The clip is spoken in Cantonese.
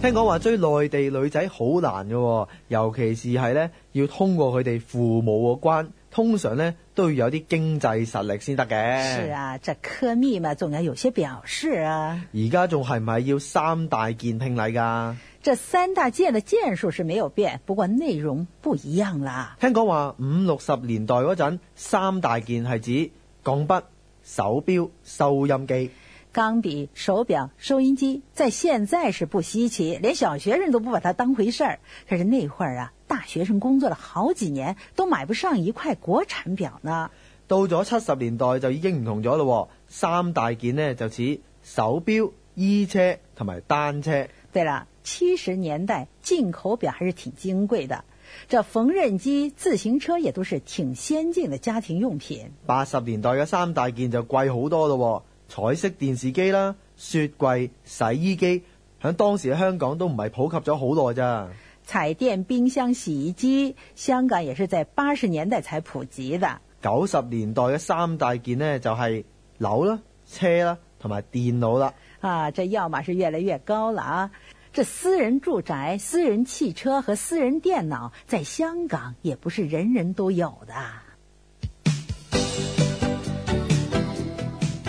聽講話追內地女仔好難嘅、哦，尤其是係咧，要通過佢哋父母嘅關，通常咧都要有啲經濟實力先得嘅。是啊，這科密嘛，仲要有些表示啊。而家仲係咪要三大件聘禮㗎？這三大件嘅件數是沒有變，不過內容唔一樣啦。聽講話五六十年代嗰陣，三大件係指鋼筆、手錶、收音機。鋼筆、手錶、收音機，在現在是不稀奇，連小學生都不把它當回事兒。可是那會兒啊，大學生工作了好幾年，都買不上一塊國產表呢。到咗七十年代就已經唔同咗咯，三大件呢就係手錶、衣車同埋單車。對了，七十年代進口表還是挺金貴的，這縫紉機、自行車也都是挺先進的家庭用品。八十年代嘅三大件就貴好多咯。彩色電視機啦、雪櫃、洗衣機，喺當時香港都唔係普及咗好耐咋。彩電、冰箱、洗衣機，香港也是在八十年代才普及的。九十年代嘅三大件呢，就係、是、樓啦、車啦，同埋電腦啦。啊，這要碼是越來越高了啊！這私人住宅、私人汽車和私人電腦，在香港也不是人人都有的。